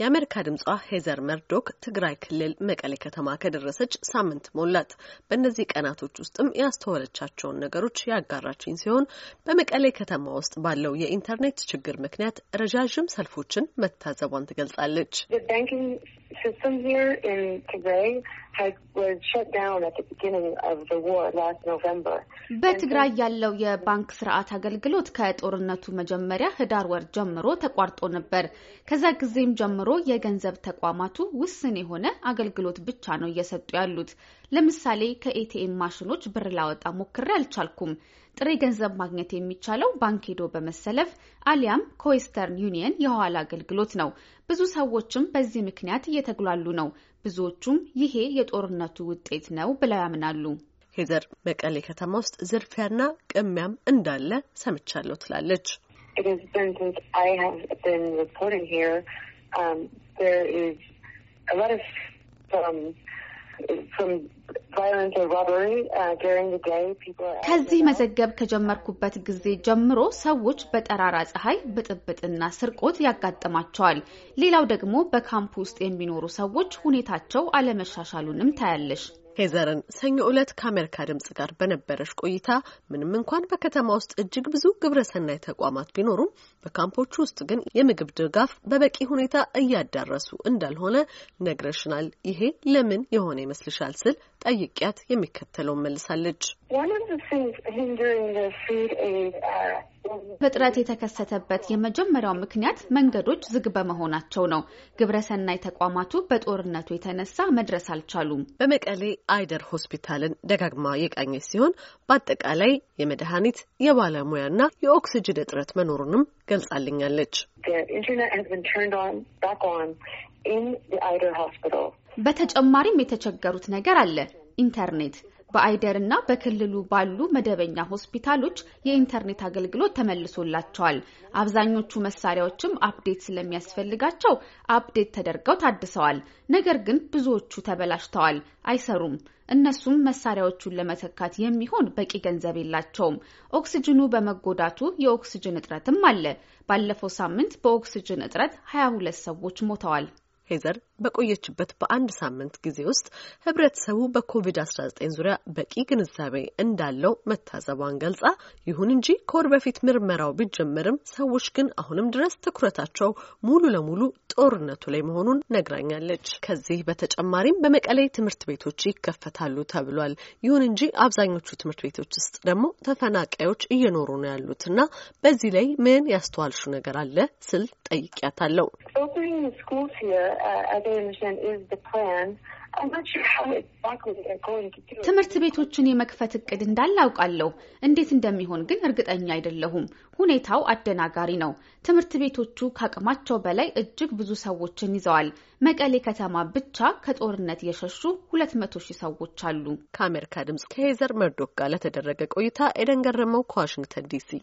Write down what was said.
የአሜሪካ ድምጿ ሄዘር መርዶክ ትግራይ ክልል መቀሌ ከተማ ከደረሰች ሳምንት ሞላት። በእነዚህ ቀናቶች ውስጥም ያስተዋለቻቸውን ነገሮች ያጋራችኝ ሲሆን በመቀሌ ከተማ ውስጥ ባለው የኢንተርኔት ችግር ምክንያት ረዣዥም ሰልፎችን መታዘቧን ትገልጻለች። system here in Tigray had was shut down at the beginning of the war last November. በትግራይ ያለው የባንክ ስርዓት አገልግሎት ከጦርነቱ መጀመሪያ ህዳር ወር ጀምሮ ተቋርጦ ነበር። ከዛ ጊዜም ጀምሮ የገንዘብ ተቋማቱ ውስን የሆነ አገልግሎት ብቻ ነው እየሰጡ ያሉት። ለምሳሌ ከኤቲኤም ማሽኖች ብር ላወጣ ሞክሬ አልቻልኩም። ጥሬ ገንዘብ ማግኘት የሚቻለው ባንክ ሄዶ በመሰለፍ አሊያም ከዌስተርን ዩኒየን የኋላ አገልግሎት ነው። ብዙ ሰዎችም በዚህ ምክንያት እየተጉላሉ ነው። ብዙዎቹም ይሄ የጦርነቱ ውጤት ነው ብለው ያምናሉ። ሄዘር መቀሌ ከተማ ውስጥ ዝርፊያና ቅሚያም እንዳለ ሰምቻለሁ ትላለች። Uh, ከዚህ መዘገብ ከጀመርኩበት ጊዜ ጀምሮ ሰዎች በጠራራ ፀሐይ ብጥብጥና ስርቆት ያጋጥማቸዋል። ሌላው ደግሞ በካምፕ ውስጥ የሚኖሩ ሰዎች ሁኔታቸው አለመሻሻሉንም ታያለሽ። ሄዘርን ሰኞ ዕለት ከአሜሪካ ድምጽ ጋር በነበረች ቆይታ ምንም እንኳን በከተማ ውስጥ እጅግ ብዙ ግብረሰናይ ተቋማት ቢኖሩም በካምፖቹ ውስጥ ግን የምግብ ድጋፍ በበቂ ሁኔታ እያዳረሱ እንዳልሆነ ነግረሽናል። ይሄ ለምን የሆነ ይመስልሻል? ስል ጠይቂያት የሚከተለውን መልሳለች። እጥረት የተከሰተበት የመጀመሪያው ምክንያት መንገዶች ዝግ በመሆናቸው ነው። ግብረሰናይ ተቋማቱ በጦርነቱ የተነሳ መድረስ አልቻሉም። በመቀሌ አይደር ሆስፒታልን ደጋግማ የቃኘች ሲሆን በአጠቃላይ የመድኃኒት የባለሙያና የኦክስጅን እጥረት መኖሩንም ገልጻልኛለች። በተጨማሪም የተቸገሩት ነገር አለ ኢንተርኔት በአይደር እና በክልሉ ባሉ መደበኛ ሆስፒታሎች የኢንተርኔት አገልግሎት ተመልሶላቸዋል። አብዛኞቹ መሳሪያዎችም አፕዴት ስለሚያስፈልጋቸው አፕዴት ተደርገው ታድሰዋል። ነገር ግን ብዙዎቹ ተበላሽተዋል፣ አይሰሩም። እነሱም መሳሪያዎቹን ለመተካት የሚሆን በቂ ገንዘብ የላቸውም። ኦክስጅኑ በመጎዳቱ የኦክስጅን እጥረትም አለ። ባለፈው ሳምንት በኦክስጅን እጥረት 22 ሰዎች ሞተዋል። ሄዘር በቆየችበት በአንድ ሳምንት ጊዜ ውስጥ ህብረተሰቡ በኮቪድ-19 ዙሪያ በቂ ግንዛቤ እንዳለው መታዘቧን ገልጻ፣ ይሁን እንጂ ከወር በፊት ምርመራው ቢጀመርም ሰዎች ግን አሁንም ድረስ ትኩረታቸው ሙሉ ለሙሉ ጦርነቱ ላይ መሆኑን ነግራኛለች። ከዚህ በተጨማሪም በመቀሌ ትምህርት ቤቶች ይከፈታሉ ተብሏል። ይሁን እንጂ አብዛኞቹ ትምህርት ቤቶች ውስጥ ደግሞ ተፈናቃዮች እየኖሩ ነው ያሉትና በዚህ ላይ ምን ያስተዋልሹ ነገር አለ ስል ጠይቂያታለሁ። ትምህርት ቤቶችን የመክፈት እቅድ እንዳለ አውቃለሁ። እንዴት እንደሚሆን ግን እርግጠኛ አይደለሁም። ሁኔታው አደናጋሪ ነው። ትምህርት ቤቶቹ ከአቅማቸው በላይ እጅግ ብዙ ሰዎችን ይዘዋል። መቀሌ ከተማ ብቻ ከጦርነት የሸሹ ሁለት መቶ ሺህ ሰዎች አሉ። ከአሜሪካ ድምጽ ከሄዘር መርዶክ ጋር ለተደረገ ቆይታ ኤደን ገረመው ከዋሽንግተን ዲሲ